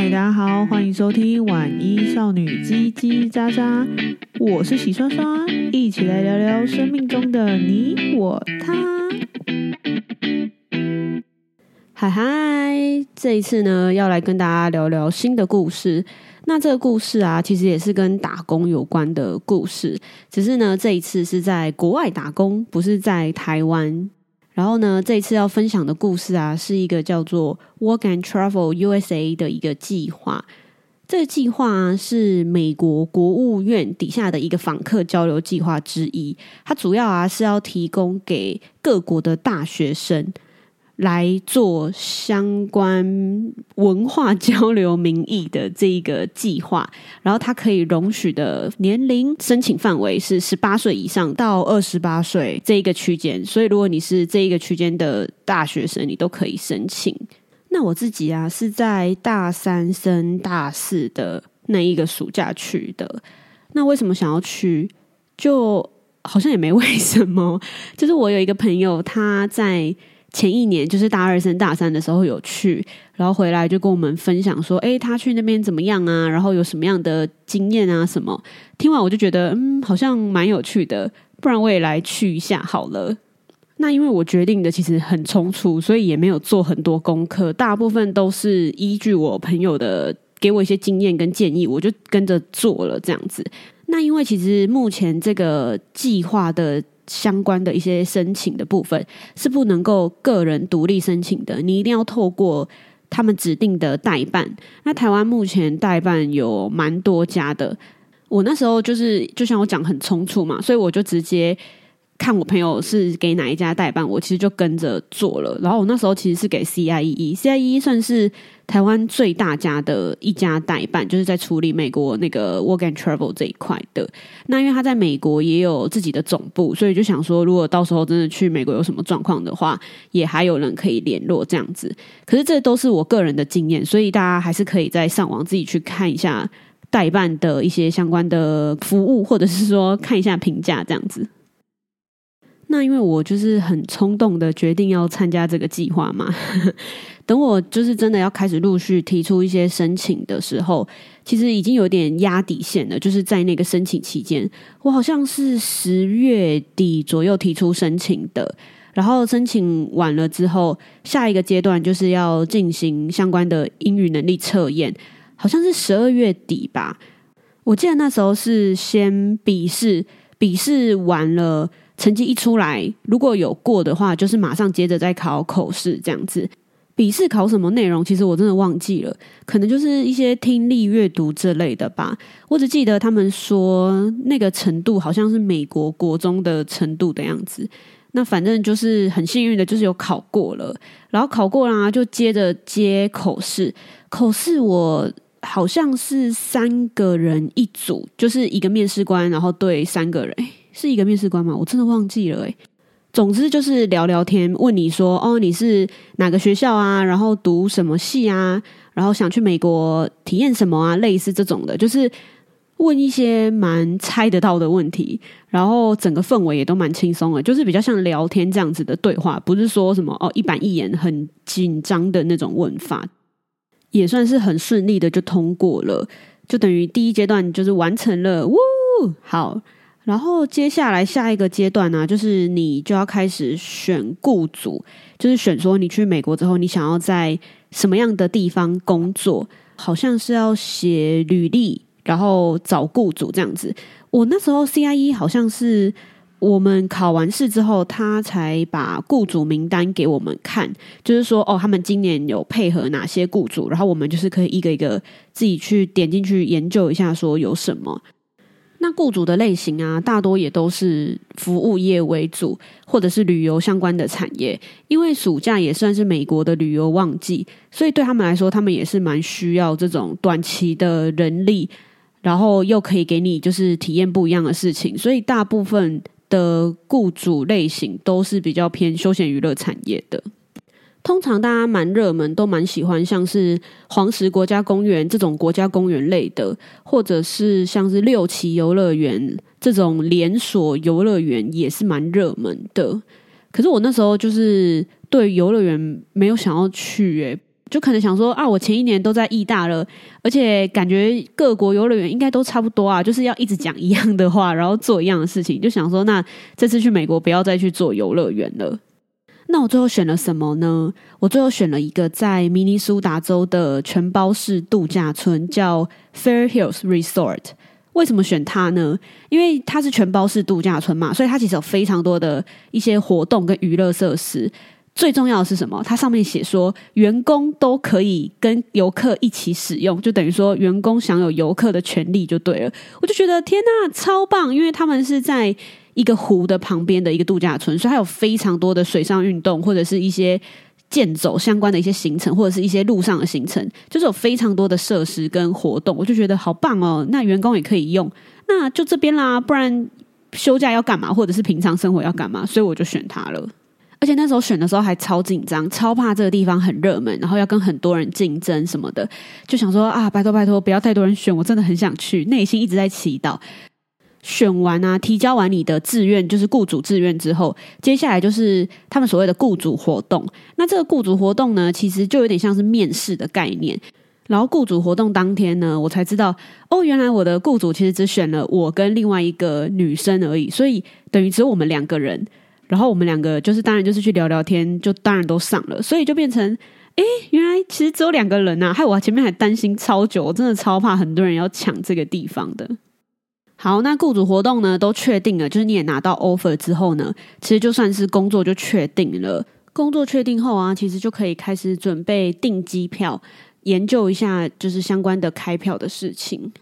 嗨，hi, 大家好，歡迎收聽晚一少女嘰嘰喳喳，我是喜刷刷，一起來聊聊生命中的你我他。嗨嗨，這一次呢，要來跟大家聊聊新的故事。那這個故事啊，其實也是跟打工有關的故事，只是呢，這一次是在國外打工，不是在台灣。然後呢，這一次要分享的故事啊，是一個叫做 Work and Travel USA 的一個計劃。這個計劃啊，是美國國務院底下的一個訪客交流計劃之一。它主要啊，是要提供給各國的大學生。來做相關文化交流名義的這一個計劃，然後它可以容許的年齡申請範圍是十八歲以上到二十八歲這一個區間，所以如果你是這一個區間的大學生，你都可以申請。那我自己啊是在大三升大四的那一個暑假去的。那為什麼想要去？就好像也沒為什麼，就是我有一個朋友他在，前一年就是大二升大三的時候有去，然後回來就跟我們分享說：“誒，他去那邊怎麼樣啊？然後有什麼樣的經驗啊？什麼？”聽完我就覺得，嗯，好像蠻有趣的，不然我也來去一下好了。那因為我決定的其實很匆促，所以也沒有做很多功課，大部分都是依據我朋友的給我一些經驗跟建議，我就跟着做了這樣子。那因為其實目前這個計劃的。相關的一些申請的部分是不能夠個人獨立申請的，你一定要透過他們指定的代辦。那台灣目前代辦有蠻多家的，我那時候就是就像我講很匆促嘛，所以我就直接看我朋友是給哪一家代辦，我其實就跟着做了。然後我那時候其實是給 CIEE，CIEE 算是。台灣最大家的一家代辦，就是在處理美國那個 Work and Travel 這一塊的。那因為他在美國也有自己的總部，所以就想說，如果到時候真的去美國有什麼狀況的話，也還有人可以聯絡這樣子。可是這都是我個人的經驗，所以大家還是可以在上網自己去看一下代辦的一些相關的服務，或者是說看一下評價這樣子。那因為我就是很衝動的決定要參加這個計劃嘛呵呵。等我就是真的要開始陸續提出一些申請的時候，其實已經有點壓底線了。就是在那個申請期間，我好像是十月底左右提出申請的。然後申請完了之後，下一個階段就是要進行相關的英語能力測驗，好像是十二月底吧。我記得那時候是先筆試，筆試完了。成績一出來，如果有過的話，就是馬上接着再考口試這樣子。筆試考什麼內容，其實我真的忘記了，可能就是一些聽力、閱讀之類的吧。我只記得他們說那個程度好像是美國國中的程度的樣子。那反正就是很幸運的，就是有考過了。然後考過啦啊，就接着接口試。口試我好像是三個人一組，就是一個面試官，然後對三個人。是一個面試官嗎？我真的忘記了。總之就是聊聊天，問你說哦，你是哪個學校啊？然後讀什麼系啊？然後想去美國體驗什麼啊？類似這種的，就是問一些蠻猜得到的問題。然後整個氛圍也都蠻輕鬆的，就是比較像聊天這樣子的對話，不是說什麼哦，一板一眼很緊張的那種問法。也算是很順利的就通過了，就等於第一階段就是完成了。嗚，好。然後接下來下一個階段呢、啊，就是你就要開始選雇主，就是選說你去美國之後，你想要在什麼樣的地方工作，好像是要寫履歷，然後找雇主這樣子。我、哦、那時候 CIE 好像是我們考完試之後，他才把雇主名單給我們看，就是說哦，他們今年有配合哪些雇主，然後我們就是可以一個一個自己去點進去研究一下，說有什麼。僱主的類型啊，大多也都是服務業為主，或者是旅遊相關的產業。因為暑假也算是美國的旅遊旺季，所以對他們來說，他們也是蠻需要這種短期的人力，然後又可以給你就是體驗不一樣的事情。所以大部分的僱主類型都是比較偏休閒娛樂產業的。通常大家蠻熱門，都蠻喜歡像是黃石國家公園這種國家公園類的，或者是像是六旗遊樂園這種連鎖遊樂園也是蠻熱門的。可是我那時候就是對遊樂園沒有想要去，欸，哎，就可能想說啊，我前一年都在義大了，而且感覺各國遊樂園應該都差不多啊，就是要一直講一樣的話，然後做一樣的事情，就想說那這次去美國不要再去做遊樂園了。那我最後選了什麼呢？我最後選了一個在明尼蘇達州的全包式度假村，叫 Fair Hills Resort。為什麼選它呢？因為它是全包式度假村嘛，所以它其實有非常多的一些活動跟娛樂設施。最重要的是什麼？它上面寫說員工都可以跟遊客一起使用，就等於說員工享有遊客的權利，就對了。我就覺得天哪，超棒！因為他們是在一個湖的旁邊的一個度假村，所以它有非常多的水上運動或者是一些健走相關的一些行程，或者是一些路上的行程，就是有非常多的設施跟活動，我就覺得好棒哦。那員工也可以用，那就這邊啦。不然休假要幹嘛，或者是平常生活要幹嘛，所以我就選它了。而且那時候選的時候還超緊張，超怕這個地方很熱門，然後要跟很多人競爭什麼的，就想說啊，拜托拜托，不要太多人選，我真的很想去，內心一直在祈禱。選完啊，提交完你的志願，就是雇主志願之後，接下來就是他們所謂的雇主活動。那這個雇主活動呢，其實就有點像是面試的概念。然後雇主活動當天呢，我才知道，哦，原來我的雇主其實只選了我跟另外一個女生而已，所以等於只有我們兩個人。然後我們兩個就是當然就是去聊聊天，就當然都上了。所以就變成，欸，原來其實只有兩個人啊！害我前面還擔心超久，我真的超怕很多人要搶這個地方的。好，那雇主活動呢都確定了，就是你也拿到 offer 之後呢，其實就算是工作就確定了。工作確定後啊，其實就可以開始準備訂機票，研究一下就是相關的開票的事情。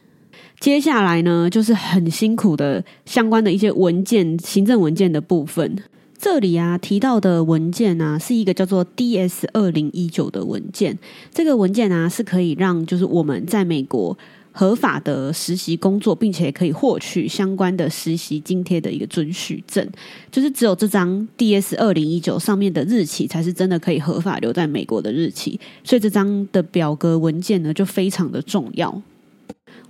接下來呢，就是很辛苦的，相關的一些文件、行政文件的部分。這裡啊提到的文件啊，是一個叫做 DS 二零一九的文件。這個文件啊是可以讓就是我們在美國。合法的實習工作，並且可以獲取相關的實習津貼的一個准許證，就是只有這張 DS 二零一九上面的日期才是真的可以合法留在美國的日期，所以這張的表格文件呢就非常的重要。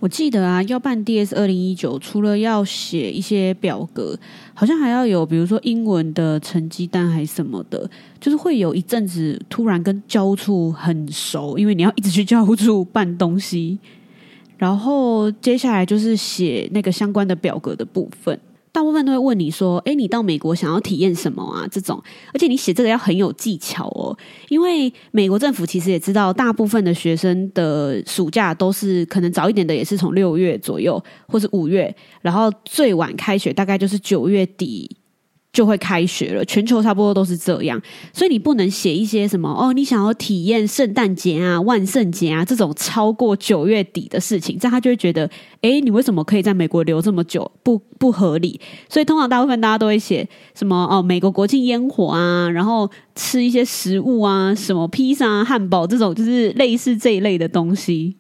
我記得啊，要辦 DS 二零一九，除了要寫一些表格，好像還要有比如說英文的成績單還什麼的，就是會有一陣子突然跟教務處很熟，因為你要一直去教務處辦東西。然後接下來就是寫那個相關的表格的部分，大部分都會問你說：“哎，你到美國想要體驗什麼啊？”這種，而且你寫這個要很有技巧哦，因為美國政府其實也知道，大部分的學生的暑假都是可能早一點的也是從六月左右或是五月，然後最晚開學大概就是九月底。就會開學了，全球差不多都是這樣，所以你不能寫一些什麼哦，你想要體驗聖誕節啊、萬聖節啊這種超過九月底的事情，這樣他就會覺得，哎，你為什麼可以在美國留這麼久？不不合理。所以通常大部分大家都會寫什麼哦，美國國慶煙火啊，然後吃一些食物啊，什麼披薩啊、漢堡這種，就是類似這一類的東西。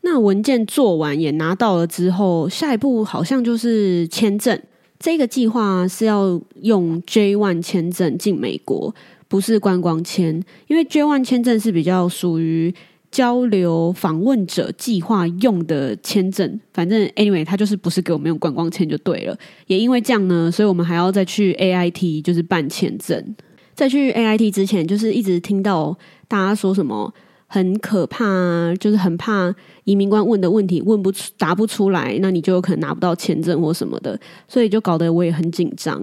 那文件做完也拿到了之後，下一步好像就是簽證。這個計劃是要用 J One 簽證進美國，不是觀光簽，因為 J One 簽證是比較屬於交流訪問者計劃用的簽證。反正 anyway，他就是不是給我們用觀光簽就對了。也因為這樣呢，所以我們還要再去 A I T，就是辦簽證。在去 A I T 之前，就是一直聽到大家說什麼。很可怕啊，就是很怕移民官問的問題，問不出、答不出來，那你就有可能拿不到簽證或什麼的，所以就搞得我也很緊張。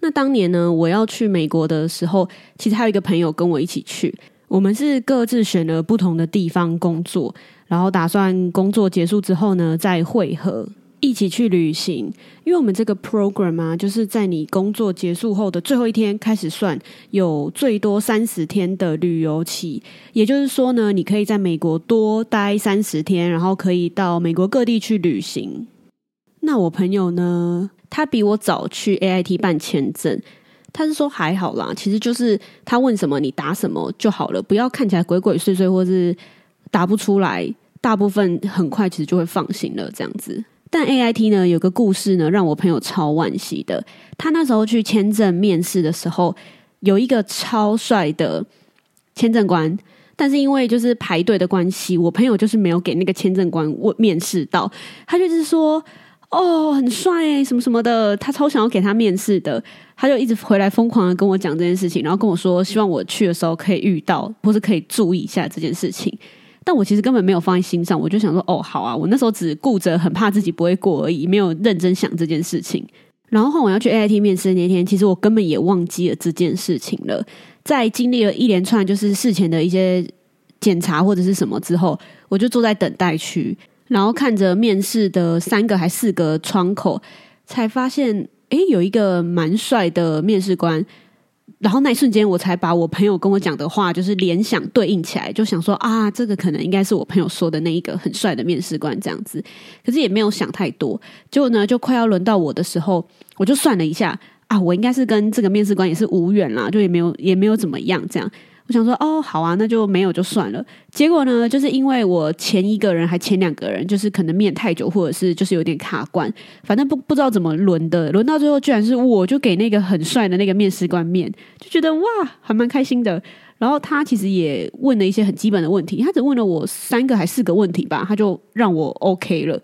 那當年呢，我要去美國的時候，其實還有一個朋友跟我一起去，我們是各自選了不同的地方工作，然後打算工作結束之後呢再會合。一起去旅行，因為我們這個 program 啊，就是在你工作結束後的最後一天開始算，有最多三十天的旅遊期。也就是說呢，你可以在美國多待三十天，然後可以到美國各地去旅行。那我朋友呢，他比我早去 AIT 辦簽證，他是說還好啦，其實就是他問什麼你答什麼就好了，不要看起來鬼鬼祟祟或是答不出來，大部分很快其實就會放心了，這樣子。但 AIT 呢，有個故事呢，讓我朋友超惋惜的。他那時候去簽證面試的時候，有一個超帥的簽證官，但是因為就是排隊的關係，我朋友就是沒有給那個簽證官問面試到。他就是說，哦，很帥耶，什麼什麼的，他超想要給他面試的，他就一直回來瘋狂的跟我講這件事情，然後跟我說希望我去的時候可以遇到，或是可以注意一下這件事情。但我其實根本沒有放在心上，我就想說，哦，好啊，我那時候只顧着很怕自己不會過而已，沒有認真想這件事情。然後，我要去 AIT 面試的那一天，其實我根本也忘記了這件事情了。在經歷了一連串就是事前的一些檢查或者是什麼之後，我就坐在等待區，然後看着面試的三個還四個窗口，才發現，哎，有一個蠻帥的面試官。然後那一瞬間，我才把我朋友跟我講的話，就是聯想對應起來，就想說啊，這個可能應該是我朋友說的那一個很帥的面試官這樣子。可是也沒有想太多，結果呢，就快要輪到我的時候，我就算了一下啊，我應該是跟這個面試官也是無緣啦，就也沒有也沒有怎麼樣這樣。我想說，哦，好啊，那就沒有就算了。結果呢，就是因為我前一個人還前兩個人，就是可能面太久，或者是就是有點卡關，反正不不知道怎麼輪的，輪到最後居然是我，就給那個很帥的那個面試官面，就覺得哇，還蠻開心的。然後他其實也問了一些很基本的問題，他只問了我三個還四個問題吧，他就讓我 OK 了，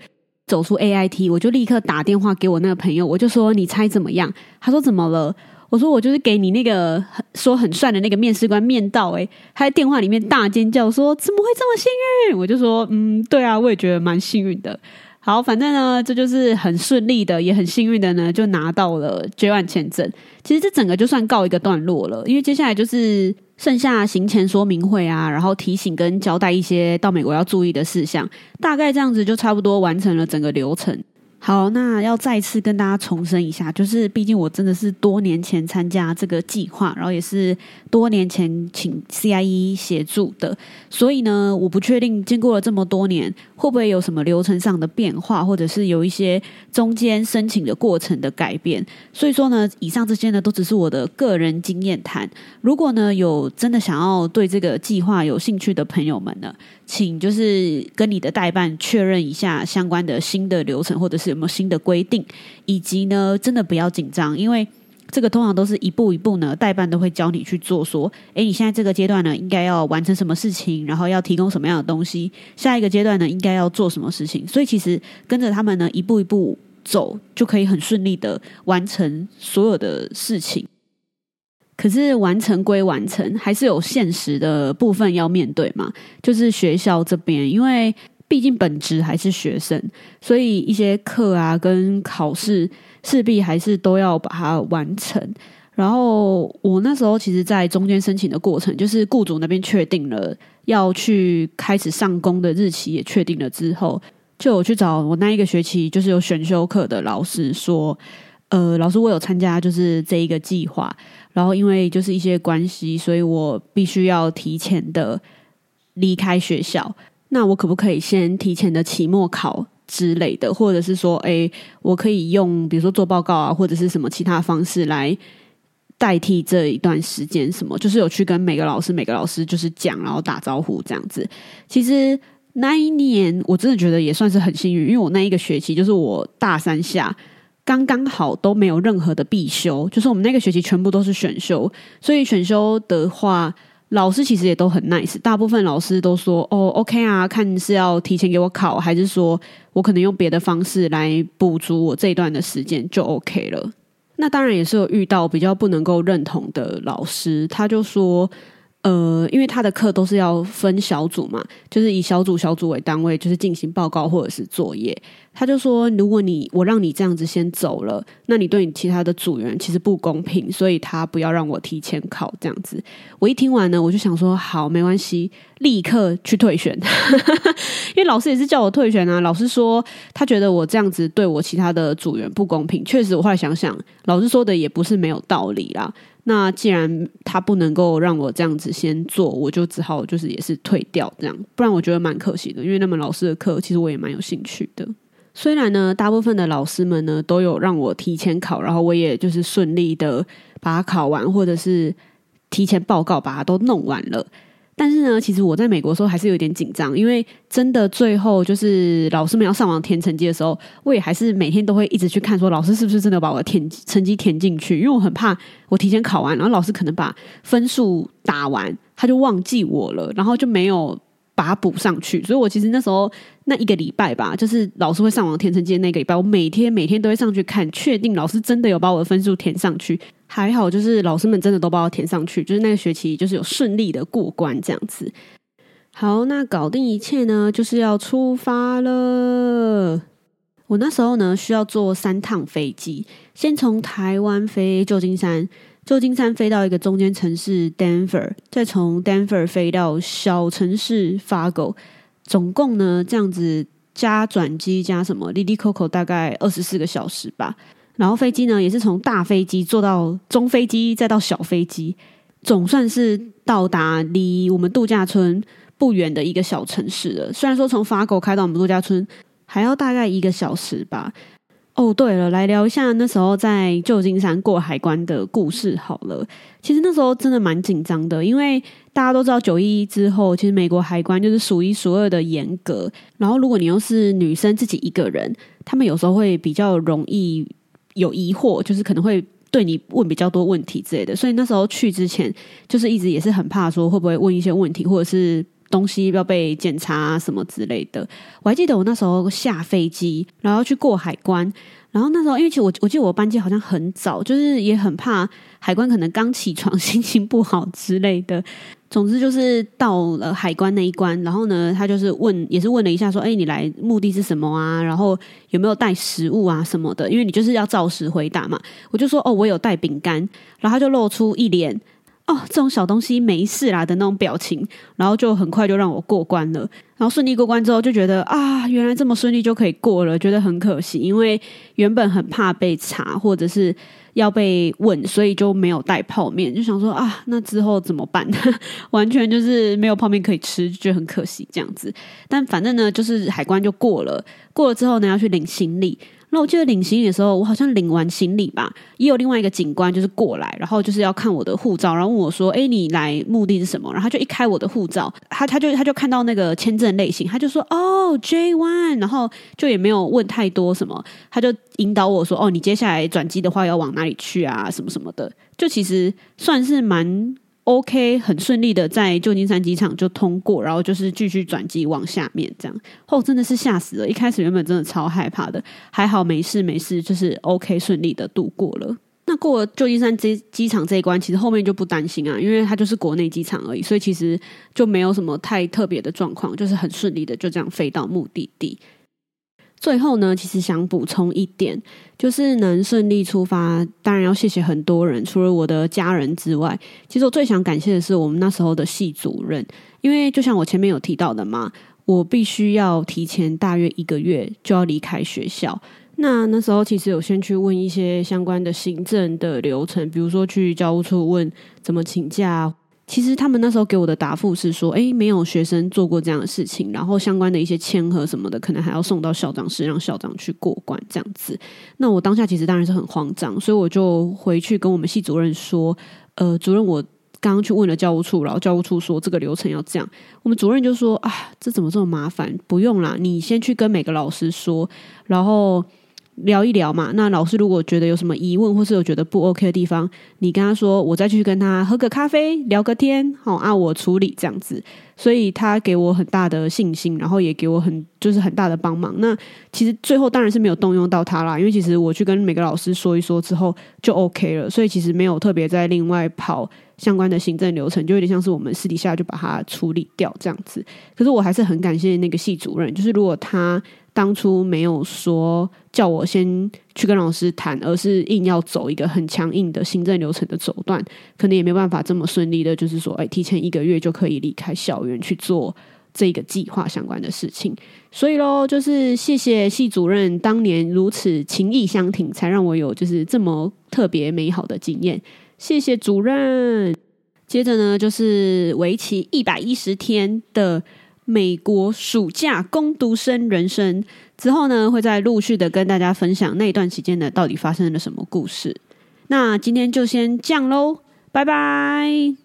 走出 AIT，我就立刻打電話給我那個朋友，我就說，你猜怎麼樣？他說怎麼了？我說我就是給你那個說很帥的那個面試官面到、欸，哎，他在電話裡面大尖叫說，怎麼會這麼幸運？我就說，嗯，對啊，我也覺得蠻幸運的。好，反正呢，這就是很順利的，也很幸運的呢，就拿到了 J ONE 簽證。其實這整個就算告一個段落了，因為接下來就是剩下行前說明會啊，然後提醒跟交代一些到美國要注意的事項，大概這樣子就差不多完成了整個流程。好，那要再次跟大家重申一下，就是畢竟我真的是多年前參加這個計劃，然後也是多年前請 CIE 協助的，所以呢，我不確定經過了這麼多年，會不會有什麼流程上的變化，或者是有一些中間申請的過程的改變。所以說呢，以上這些呢，都只是我的個人經驗談。如果呢，有真的想要對這個計劃有興趣的朋友們呢，請就是跟你的代辦確認一下相關的新的流程，或者是，什麼新的規定，以及呢，真的不要緊張，因為這個通常都是一步一步呢，代辦都會教你去做。說，哎，你現在這個階段呢，應該要完成什麼事情，然後要提供什麼樣的東西，下一個階段呢，應該要做什麼事情。所以，其實跟着他們呢，一步一步走，就可以很順利地完成所有的事情。可是，完成歸完成，還是有現實的部分要面對嘛？就是學校這邊，因為。畢竟本職還是學生，所以一些課啊跟考試勢必還是都要把它完成。然後我那時候其實，在中間申請的過程，就是雇主那邊確定了要去開始上工的日期也確定了之後，就我去找我那一個學期就是有選修課的老師說，呃，老師我有參加就是這一個計劃，然後因為就是一些關係，所以我必須要提前的離開學校。那我可不可以先提前的期末考之類的，或者是說，哎、欸，我可以用比如說做報告啊，或者是什麼其他方式來代替這一段時間？什麼就是有去跟每個老師每個老師就是講，然後打招呼這樣子。其實那一年我真的覺得也算是很幸運，因為我那一個學期就是我大三下剛剛好都沒有任何的必修，就是我們那個學期全部都是選修，所以選修的話。老師其實也都很 nice，大部分老師都說哦，OK 啊，看是要提前給我考，還是說我可能用別的方式來補足我這一段的時間就 OK 了。那當然也是有遇到比較不能夠認同的老師，他就說，呃，因為他的課都是要分小組嘛，就是以小組小組為單位，就是進行報告或者是作業。他就說，如果你我讓你這樣子先走了，那你對你其他的組員其實不公平，所以他不要讓我提前考這樣子。我一聽完呢，我就想說，好，沒關係，立刻去退選。 因為老師也是叫我退選啊，老師說他覺得我這樣子對我其他的組員不公平。確實，我後來想想，老師說的也不是沒有道理啦。那既然他不能夠讓我這樣子先做，我就只好就是也是退掉這樣，不然我覺得蠻可惜的。因為那門老師的課其實我也蠻有興趣的，雖然呢大部分的老師們呢都有讓我提前考，然後我也就是順利的把它考完，或者是提前報告把它都弄完了。但是呢，其實我在美國的時候還是有點緊張，因為真的最後就是老師們要上網填成績的時候，我也還是每天都會一直去看，說老師是不是真的把我的填成績填進去？因為我很怕我提前考完，然後老師可能把分數打完，他就忘記我了，然後就沒有把他補上去。所以，我其實那時候那一個禮拜吧，就是老師會上網填成績的那個禮拜，我每天每天都會上去看，確定老師真的有把我的分數填上去。還好，就是老師們真的都幫我填上去，就是那個學期就是有順利的過關這樣子。好，那搞定一切呢，就是要出發了。我那時候呢，需要坐三趟飛機，先從台灣飛舊金山，舊金山飛到一個中間城市 Denver，再從 Denver 飛到小城市 Fargo，總共呢這樣子加轉機加什麼，滴滴口口大概二十四個小時吧。然後飛機呢，也是從大飛機坐到中飛機，再到小飛機，總算是到達離我們度假村不遠的一個小城市了。雖然說從法狗開到我們度假村還要大概一個小時吧。哦，對了，來聊一下那時候在舊金山過海關的故事好了。其實那時候真的蠻緊張的，因為大家都知道九一之後，其實美國海關就是數一數二的嚴格。然後如果你又是女生自己一個人，他們有時候會比較容易有疑惑，就是可能會對你問比較多問題之類的，所以那時候去之前，就是一直也是很怕說會不會問一些問題，或者是東西要被檢查、啊、什麼之類的。我還記得我那時候下飛機，然後去過海關，然後那時候因為其實我我記得我班機好像很早，就是也很怕海關可能剛起床心情不好之類的。總之就是到了海關那一關，然後呢，他就是問，也是問了一下，說：“欸，你來目的是什麼啊？然後有沒有帶食物啊什麼的？因為你就是要照實回答嘛。”我就說：“哦，我有帶餅乾。”然後他就露出一臉“哦，這種小東西沒事啦”的那種表情，然後就很快就讓我過關了。然後順利過關之後，就覺得啊，原來這麼順利就可以過了，覺得很可惜，因為原本很怕被查，或者是。要被問，所以就沒有帶泡麵，就想說啊，那之後怎麼辦？完全就是沒有泡麵可以吃，就很可惜這樣子。但反正呢，就是海關就過了，過了之後呢，要去領行李。那我記得領行李的時候，我好像領完行李吧，也有另外一個警官就是過來，然後就是要看我的護照，然後問我說：“哎、欸，你來目的是什麼？”然後他就一開我的護照，他他就他就看到那個簽證類型，他就說：“哦，J1。”然後就也沒有問太多什麼，他就引導我說：“哦，你接下來轉機的話要往哪裡去啊？什麼什麼的，就其實算是蠻。” OK，很順利的在舊金山機場就通過，然後就是繼續轉機往下面這樣。哦，真的是嚇死了！一開始原本真的超害怕的，還好沒事沒事，就是 OK 順利的度過了。那過了舊金山機機場這一關，其實後面就不擔心啊，因為它就是國內機場而已，所以其實就沒有什麼太特別的狀況，就是很順利的就這樣飛到目的地。最後呢，其實想補充一點，就是能順利出發，當然要謝謝很多人，除了我的家人之外，其實我最想感謝的是我們那時候的系主任，因為就像我前面有提到的嘛，我必須要提前大約一個月就要離開學校，那那時候其實有先去問一些相關的行政的流程，比如說去教務處問怎麼請假。其實他們那時候給我的答復是說，誒，沒有學生做過這樣的事情，然後相關的一些簽核什麼的，可能還要送到校長室讓校長去過關這樣子。那我當下其實當然是很慌張，所以我就回去跟我們系主任說，呃，主任，我剛剛去問了教務處，然後教務處說這個流程要這樣，我們主任就說啊，這怎麼這麼麻煩？不用啦，你先去跟每個老師說，然後。聊一聊嘛，那老師如果覺得有什麼疑問，或是有覺得不 OK 的地方，你跟他說，我再去跟他喝個咖啡，聊個天，好、嗯，啊，我處理這樣子。所以他給我很大的信心，然後也給我很就是很大的幫忙。那其實最後當然是沒有動用到他啦，因為其實我去跟每個老師說一說之後就 OK 了，所以其實沒有特別再另外跑，相關的行政流程就有點像是我們私底下就把它處理掉這樣子，可是我還是很感謝那個系主任，就是如果他當初沒有說叫我先去跟老師談，而是硬要走一個很強硬的行政流程的手段，可能也沒辦法這麼順利的，就是說，哎，提前一個月就可以離開校園去做這個計劃相關的事情。所以咯，就是謝謝系主任當年如此情義相挺，才讓我有就是這麼特別美好的經驗。謝謝主任。接着呢，就是為期一百一十天的美國暑假工讀生人生。之後呢，會再陸續的跟大家分享那一段期間呢，到底發生了什麼故事。那今天就先這樣嘍，拜拜。